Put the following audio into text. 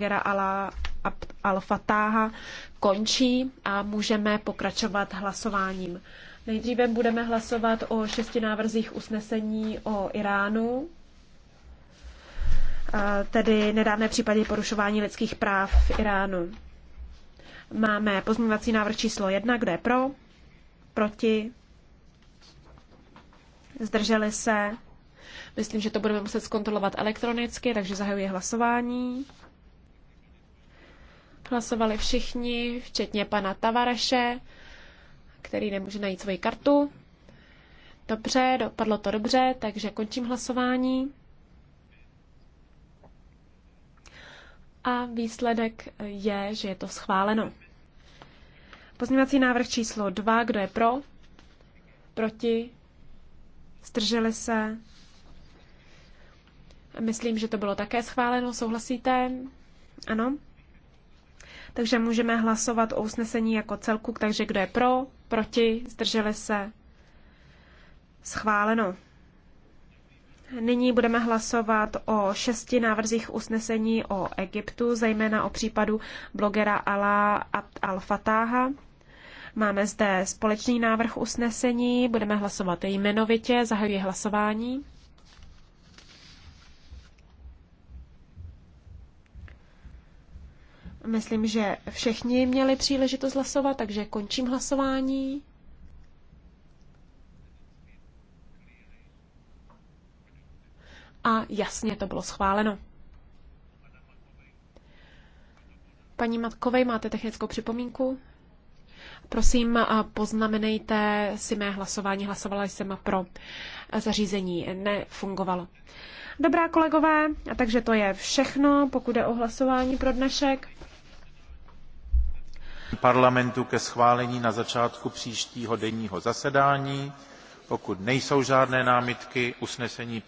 Gera Ala Al-Fatáha končí a můžeme pokračovat hlasováním. Nejdříve budeme hlasovat o šesti návrzích usnesení o Iránu, tedy nedávné případy porušování lidských práv v Iránu. Máme pozměňovací návrh číslo jedna, kde je pro, proti, zdrželi se. Myslím, že to budeme muset zkontrolovat elektronicky, takže zahajuji hlasování. Hlasovali všichni, včetně pana Tavareše, který nemůže najít svoji kartu. Dobře, dopadlo to dobře, takže končím hlasování. A výsledek je, že je to schváleno. Pozměňovací návrh číslo 2, kdo je pro? Proti? Zdrželi se? Myslím, že to bylo také schváleno, souhlasíte? Ano? Takže můžeme hlasovat o usnesení jako celku, takže kdo je pro, proti, zdrželi se, schváleno. Nyní budeme hlasovat o šesti návrzích usnesení o Egyptu, zejména o případu blogera Ala Abd al-Fatáha. Máme zde společný návrh usnesení, budeme hlasovat jmenovitě, zahajuji hlasování. Myslím, že všichni měli příležitost hlasovat, takže končím hlasování. A jasně to bylo schváleno. Paní Matkovej, máte technickou připomínku? Prosím, poznamenejte si mé hlasování. Hlasovala jsem pro. Zařízení nefungovalo. Dobrá kolegové, a takže to je všechno, pokud je o hlasování pro dnešek parlamentu ke schválení na začátku příštího denního zasedání. pokud nejsou žádné námitky usnesení